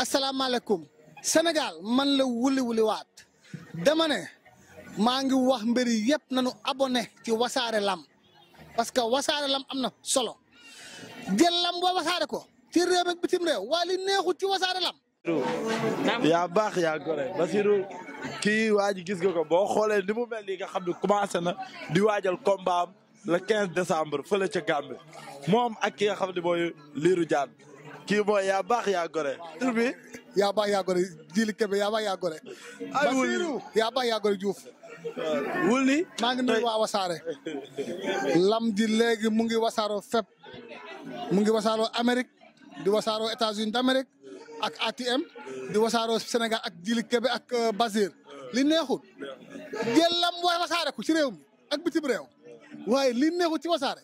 asalaamaaleykum senegal man la wuli wuli waat dama maa ngi wax mbir yëpp nañu abonné ci wasaare lam parce que wasaare lam am na solo jël lam boo wasaare ko ci réew ak bitim réew waa li neexul ci wasaare lam. yaa baax yaa gore Basirou kii waa ji gis nga ko boo xoolee li mu mel nii nga xam ne commencé na di waajal kombaam la le 15 décembre ci ca moom ak ki nga xam ne mooy Lirou Diane. kii mooy yaa baax yaa gore. tur ay Wouly yaa baax wasaare. lam ji léegi mu ngi wasaaro fépp mu ngi wasaaroo Amérique di wasaaro États-Unis d'Amérique ak ATM di wasaaroo Sénégal ak Djily Kébé ak euh, Basir li neexul jël lam wa wasaare ko ci réew mi ak bitim waaye li ci wasaare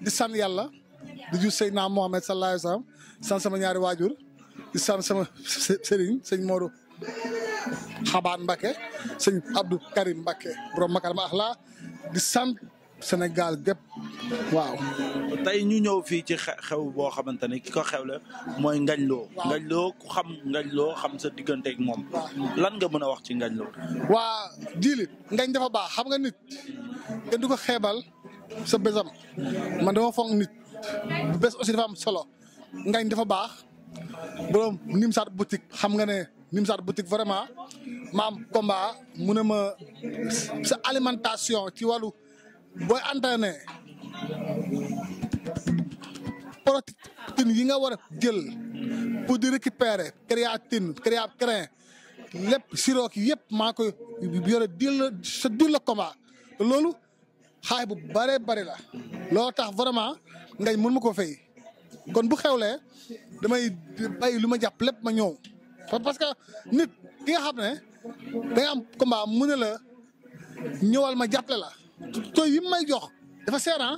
di sant yàlla. di jur Seydina Mohamed sallallahu alayhi wa sallam sama ñaari waajur di sant sama sëriñ sëñ Modou Xabaan Mbacke sëñ Abdou Karim Mbacke borom Makarama Axlaa di sant Sénégal gépp waaw. tey ñu ñëw fii ci xew boo xamante ne ki ko xew la mooy Ngañ Lo. Ngañ Lo ku xam Ngañ Lo xam sa digganteeg moom. lan nga mën a wax ci Ngañ Lo. waa ngañ dafa baax xam nga nit. kenn du ko xeebal sa bésam. man fonk nit. bu bees aussi dafa am solo ngañ dafa baax borom Nimsaat boutique xam nga ne Nimsaat boutique vraiment ma am mu ne ma sa alimentation ci wàllu booy entraîné protéine yi nga war a jël pour di récupérer créatine créa crin lépp sirop yëpp maa koy yore dil la sa dil loolu xaay bu bare bari la loo tax vraiment ngañ mun ma koo fay kon bu xew xewlee damay bay lu ma jàpp lépp ma ñëw parce que nit ki nga xam ne da nga am combat mu ne la ñëwal ma jàppale la tooy yi may jox dafa seeran ah.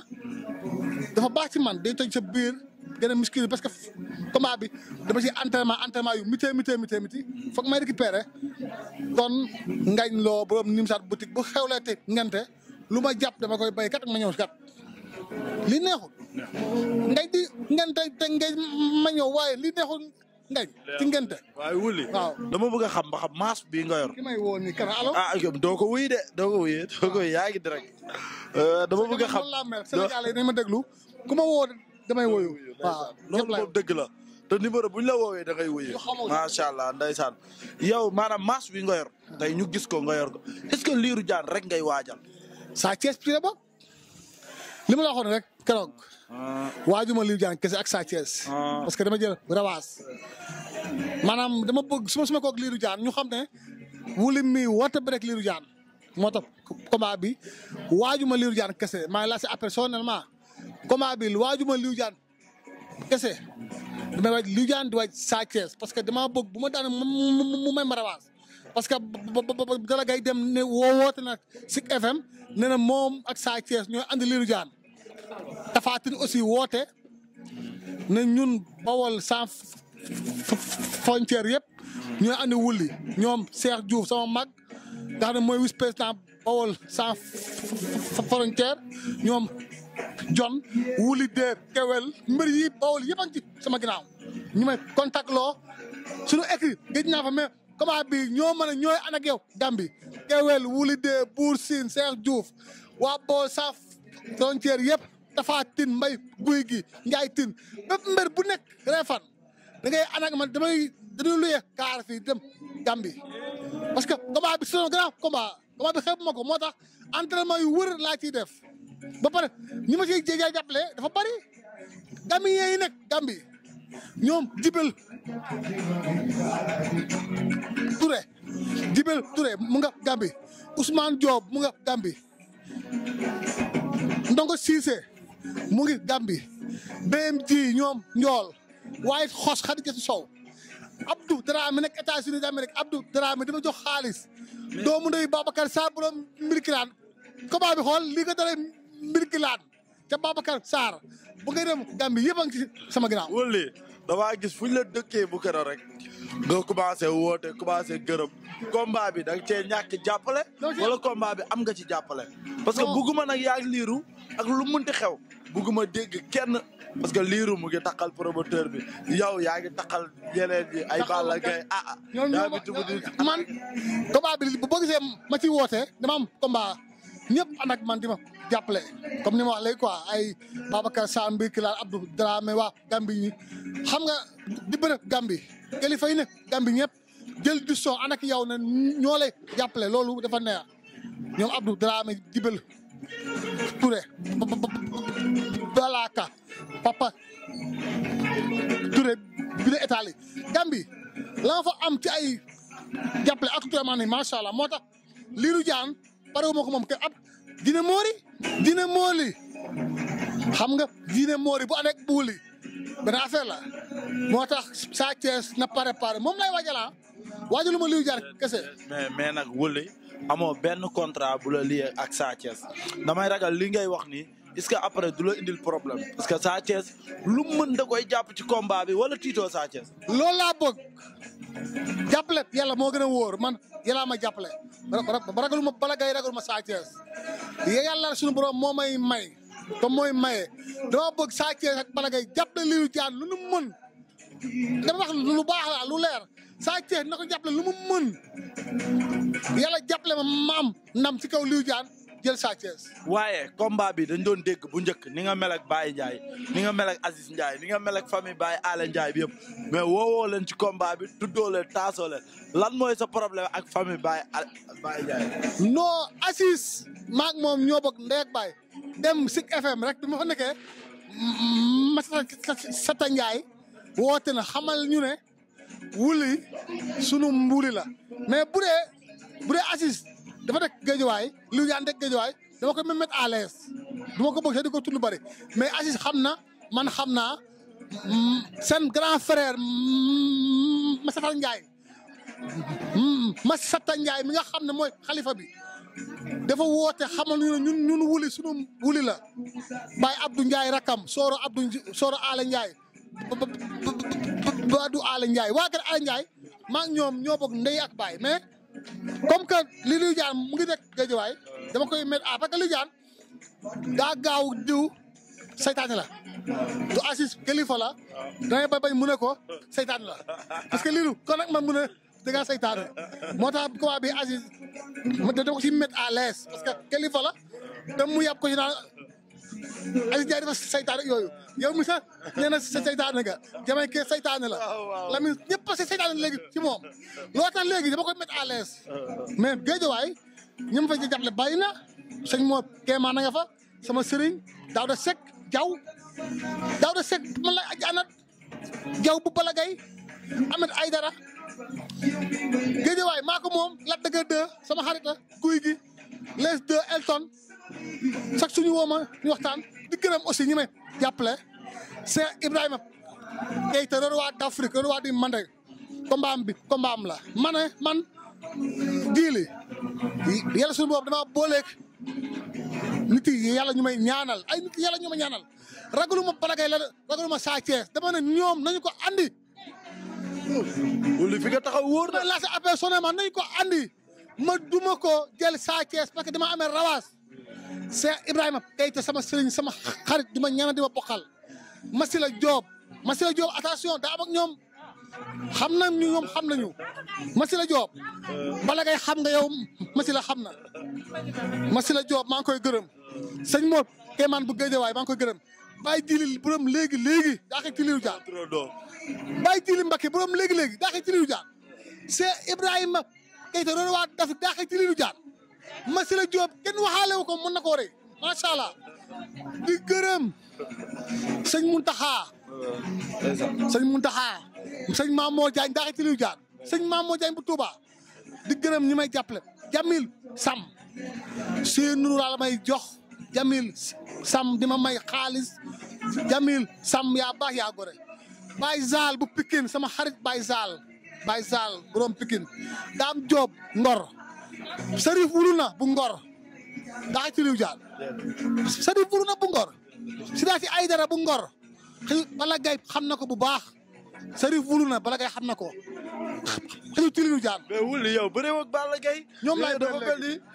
dafa baax ci man day toj sa biir gën a parce que combat bi dama ci entraînement entraînement yu mité mité mité miti foog may récupérer kon ngañ loo borom nim saat boutique bu xewlee te ngente lu ma jàpp dama koy béy kat ma ñëw kat lii neexul. ngay di ngente te ngay ma ñëw waaye lii neexul ngay ci ngente. waaye wuli dama bëgg a xam ba xam maas bii nga yor. may woo nii kan allo. ah doo ko wuy de doo ko wuy doo ko euh, dama bëgg xam Sénégal yi dañ ma déglu ku ma woo damay woyu waaw loolu moom dëgg la. te numéro bu ñu la woowee da ngay wuyee macha allah ndeysaan yow maanaam maas bi nga yor tey ñu gis ko nga yor ko est ce que liiru jaan rek ngay waaja saa Thiès ba. li la waxoon rek keroog ah. waajuma liw jaan kese ak Sa Thiès ah. parce que dama jël rawaas maanaam dama bëgg su suma koog liiru jaan ñu xam ne wuli mi warta bi rek liiru jaan moo ta combat bi waajuma liiru jaan kese maa ngi laa si après personnellement combat bi waajuma liw jaan kese damay waaj liw jaan di waaj Sa Thiès parce que dama bëgg bu ma daan mu may ma rawaas parce que dala gay dem ne woo woote na Zik FM ne na moom ak Sa Thiès ñooy andi liiru jaan Tapha Tine aussi woote ne ñun Bawol sans frontière yëpp ñooy andi wulli ñoom Cheikh Diouf sama mag nga mooy vice président Bawol sans frontière ñoom John wuli de kewel mbër yi Bawol yëpp a sama ginaaw ñu may contact loo suñu écrit géej naa fa mais comment bi ñoo mën a ñooy ànd ak yow Gambie kewel wuli de Buur Sine Cheikh Diouf waa Bawol sans frontière yëpp Tapha Tine mbay guy gi Ndiaye Tine bépp mbër bu nekk Réfane da ngay ànd ak man damay dañuy luyee kaar fii dem Gambie parce que combat bi saison grand combat combat bi xeeb ma ko moo tax entraînement yu wër laa ciy def ba pare ñi ma ciy jéegee jàppale dafa bari Gambien yi nekk Gambie ñoom Djibil Touré Djibil Touré mu nga Gambie Ousmane Diop mu nga Gambie Ndongo Cissé mu ngi Gambie BMG ñoom Njool waaye xos Xadijatu Sow Abdou Dramé nekk États-Unis d'Amérique Abdou Dramé dama jox xaalis doomu ndeyu Babacar Sarr borom Mbirkilaan combat bi xool lii nga dara Mbirkilaan ca Babacar bu ngay dem Gambie yëpp a ngi ci sama ginnaaw. damaa gis fu ñu la dëkkee bu keroog rek nga commencé woote commencé gërëm combat bi da cee ñàkk jàppale. wala combat bi am nga ci jàppale. parce que bugguma nag yaa liiru ak lu munti xew. bugguma dégg kenn parce que liiru mu ngi taqal promoteur bi yow yaa ngi taqal yeneen yi ay. Balla Gaye ah ah. ñoom ñoo man combat bi boo gisee ma ci woote dama am combat. ñëpp ànd ak ma jàppale comme ni ma wax léegi quoi ay Babacar Sarr Mbirki laal Abdou Dramé waa ñi xam nga di bëre Gambie kilifa ne Gambie ñëpp jël du son ànd yow ne ñoo lay jàppale loolu dafa neex ñoom Abdou Dramé dibal Touré Balaka Papa Touré bi ne état li fa am ci ay jàppale actuellement nii macha allah moo tax liiru jaan pare wu ma ko moom kay at dina moori dina mooli xam nga dina moori bu ànd ak buuli benn affaire la moo tax Sa Thiès na pare pare moom lay waajalaa ah. waajalu ma liy jaar kese. mais mais nag wële amoo benn contrat bu la ak Sa Thiès damay ragal li ngay wax ni est-ce que après du la indil problème parce que Sa Thiès lu mën da koy jàpp ci combat bi wala tiitoo Sa Thiès. loolu laa bëgg jàppale yàlla moo gën a wóor man yàllaa ma jàppale ragaluma Balla Gaye ragaluma Sa Thiès yàlla suñu borom moo may may te mooy maye dama bëgg Sa Thiès ak Balla Gaye jàppale li lu nu mën dama wax lu baax la lu leer Sa Thiès na ko jàppale lu mu mën yàlla jàppale ma maam ndam ci kaw liu jaan jël Sa Thiès waaye combat bi dañ doon dégg bu njëkk ni nga mel ak Baye Ndiaye ni nga mel ak Aziz Ndiaye ni nga mel ak famille Baye Ala Ndiaye bi yëpp mais leen ci combat bi tuddoo leen taasoo lan mooy sa problème ak famille Baye Baye Ndiaye non Aziz maak moom ñoo bokk ndey ak Baye dem Zik FM rek bi ma fa masa Massata Sata Ndiaye woote na xamal ñu ne wuli sunu mbuli la mais bu dee dafa nekk géejuwaay li ñu daan nekk dama koy même mettre à l'aise du ma ko bëgg sax di ko tudd mais Aziz xam na man xam naa seen grand frère Massata Ndiaye Massata Ndiaye mi nga xam ne mooy xalifa bi dafa woote xamal ñu ñun ñun wuli sunu wuli la Baye Abdou Ndiaye rakam Sooro Abdou Sooro Aala Ndiaye Badou Aala Ndiaye waa kër Aala Ndiaye maa ñoom ñoo bokk ndey ak baay mais comme que li luy jaan mu ngi nekk géejuwaay dama koy mettre à parce que jaan daa gaaw diw saytaane la du Aziz kilifa la dangay bañ bañ mu ne ko saytaane la parce que lilu kon nag man mu ne da ngaa saytaane moo tax combat bi Aziz dama ko si mettre à l'aise parce que kilifa la dama mu yàpp ko si naan Aziz Ndiaye dafa saytaane yooyu yow mi sax nee na sa saytaane nga jamay ke saytaane la Lamine ñëpp si léegi ci moom loo tax léegi dama koy mettre à l'aise mais géejawaay ñi fa jàppale bàyyi na sëñ moo kéemaa na nga fa sama sëriñ daaw da sek jaw daaw da sek man la jaw bu bala gay amet ay dara géejawaay maa ko moom lat dëgg deux sama xarit la gi les deux Elton sax suñu woo ma ñu waxtaan di gërëm aussi ñi may jàppale Cheikh Ibrahima Keita roi d'Afrique roi du Mandé combat bi combat am la ma ne man diili yàlla suñu boobu damaa booleeg nit yi yàlla ñu may ñaanal ay nit yàlla ñu may ñaanal ragaluma balagay la ragaluma Sa Thiès dama ne ñoom nañu ko andi. wala fi nga taxaw wóor na. lancé appel sonné ma nañu ko andi ma duma ko jël Sa parce que dama amee rawaas. Cheikh Ibrahima Keita sama sëriñ sama xarit di ma ñaanal di ma bokkal Masila joob Masila Diop attention daa am ak ñoom xam na ñoom xam nañu Masila Diop bala ngay xam nga yow Masila xam na Masila Diop maa ngi koy gërëm sëñ Mor maan bu Géejawaay maa ngi koy gërëm bàyyi jili borom léegi léegi daa koy tiliru jaar bàyyi jili Mbakke borom léegi léegi daa koy tiliru jaar Cheikh Ibrahima Keita roon waa daf daa koy tiliru jaar Massila Diop kenn waxaale wu ko mun na koo rey macha allah di gërëm sëñ Mountakha. sëñ Mountakha sëñ Mamour Diagne daaxi tiliw jaar sëñ Mamour Diagne bu Touba di gërëm ñi may jàppale Jamil Sam Seydou la may jox Jamil Sam di ma may xaalis Jamil Sam yaa baax yaa gore Baye Zal bu Pikine sama xarit Baye Zal Baye Zal borom Pikine Dame Ngor Serif wuru na bu Ngor daa ci liw na bu Ngor Sida fi ay dara bu Ngor xëy xam na ko bu baax Serif wuru na Balla Gaye xam na ko xëy ci liw ñoom laay bëreel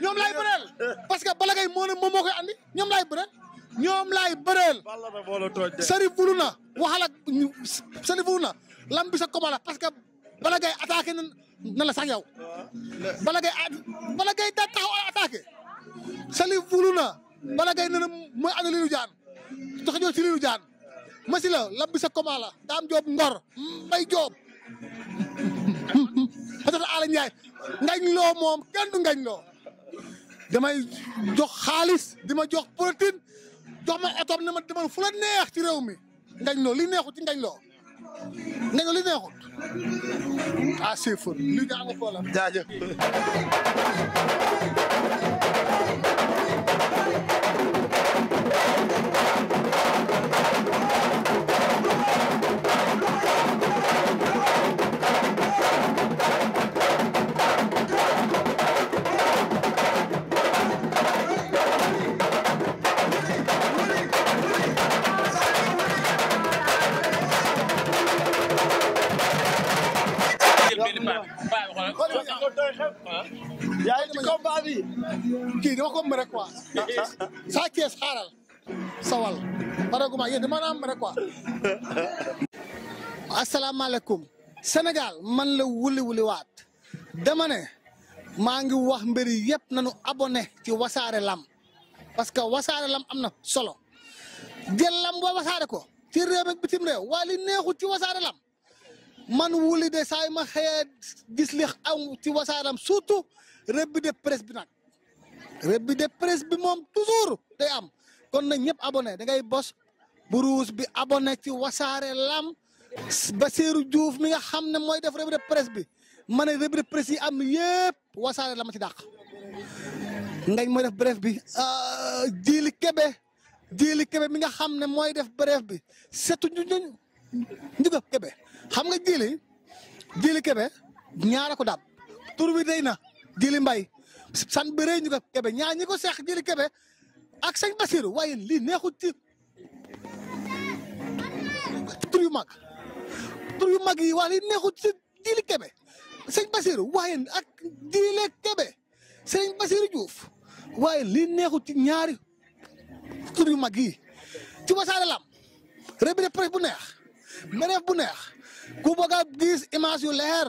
ñoom laay bëreel parce que Balla Gaye moo ne moom moo koy andi ñoom laay bëreel. ñoom laay bëreel. Serif wuru na waxal ak Serif wuru na na. na la sax yow. bala ngay bala ngay da taxaw attaqué. Salif wulu na. bala ngay nee na mooy ana liiru jaan. tax ñëw si liiru jaan. masi la sa comment daam joob ngor mbay joob patata ala njaay ngañ loo moom kenn du ngañ damay jox xaalis di ma jox protéine jox ma étope ne ma demal fu neex ci réew mi ngañ loo li neexu ci ngañ da nga lu neexut ah c'est fort li nga am ko la jaajëf yaa ngi ci combat bi kii dama ko mën rek quoi. saa kees xaaral sawal paraguma yéen dama naa mën rek quoi. asalaamaaleykum Sénégal man la wuli wuli waat dama maa ngi wax mbir yëpp nañu abonné ci wasaare lam parce que wasaare lam am na solo jël lam boo wasaare ko ci réew ak bitim réew waa li neexul ci wasaare lam. man wuli de saay ma xëyee gis li am ci wasaaram surtout revue de presse bi nag revue de presse bi moom toujours day am kon na ñëpp abonné da ngay bos buruus bi abonné ci wasaare lam Basirou Diouf mi nga xam ne mooy def revue de presse bi ma ne revue de presse yi am yëpp wasaare la ma ci dàq ngañ mooy def bref bi jiili kebe jiili kebe mi nga xam ne mooy def bref bi setu ñu ñu njëga kebe xam nga jili jili kebe ñaara ko dab tur bi day na jili mbay san bëree ñu ko kebe ñaar ñi ko seex jili kebe ak sëñ Basiru waaye lii neexul ci tur mag tur yu mag yi waaye neexul ci jili kebe sëñ Basiru waaye ak jili kebe sëñ Basiru Diouf waaye lii neexul ci ñaari tur yu mag yi ci Wassare Lamb revue de presse bu neex mereef bu neex ku bëgg a image yu leer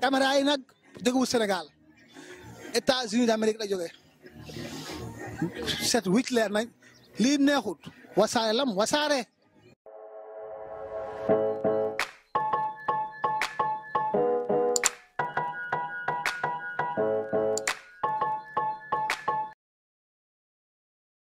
caméra yi nag jógewul Sénégal États-Unis d'Amérique la jógee set wicc leer li lii neexut wasaare lam wasaare